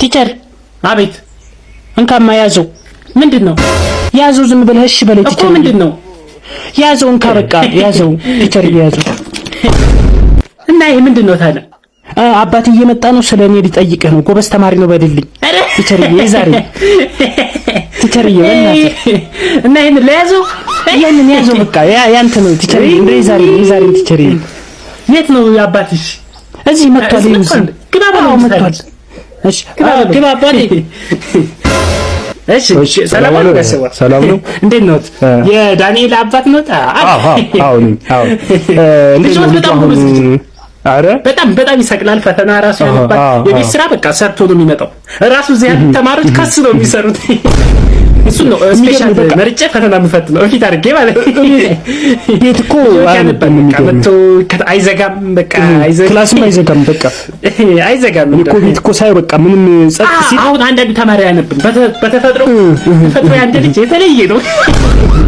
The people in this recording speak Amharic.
ቲቸር አቤት እንካማ ያዘው ምንድን ነው ያዘው ዝም ብለህ እሺ በለ እኮ ምንድን ነው ያዘው እንካ በቃ ያዘው ቲቸር ያዘው እና ይሄ ምንድን ነው ታዲያ አባት እየመጣ ነው ስለ እኔ ሊጠይቅህ ነው ጎበዝ ተማሪ ነው በድልኝ ቲቸር ይዛሪ ቲቸር እና ይሄን ለያዘው ይሄንን ያዘው በቃ ያ ያንተ ነው ቲቸር ይዛሪ ይዛሪ ቲቸር የት ነው አባትሽ እዚህ መጥቷል ይሁን ግባ ባለው መጥቷል ሰላም ነው። እንዴት ነው? የዳንኤል አባት ነው። አዎ አዎ አዎ። አረ በጣም በጣም ይሰቅላል። ፈተና ራሱ ያለባት የቤት ስራ በቃ ሰርቶ ነው የሚመጣው። ራሱ እዚህ ያሉት ተማሪዎች ነው የሚሰሩት። እሱ ነው ስፔሻል መርጬ ፈተና ምፈት ነው እፊት አድርጌ ማለት ቤት እኮ አይዘጋም፣ በቃ ክላስም አይዘጋም፣ በቃ አይዘጋም እኮ ቤት እኮ ሳይ በቃ ምንም ጸጥ ሲል አሁን አንዳንድ ተማሪ አያነብም በተፈጥሮ ተፈጥሮ ያንድ ልጅ የተለየ ነው።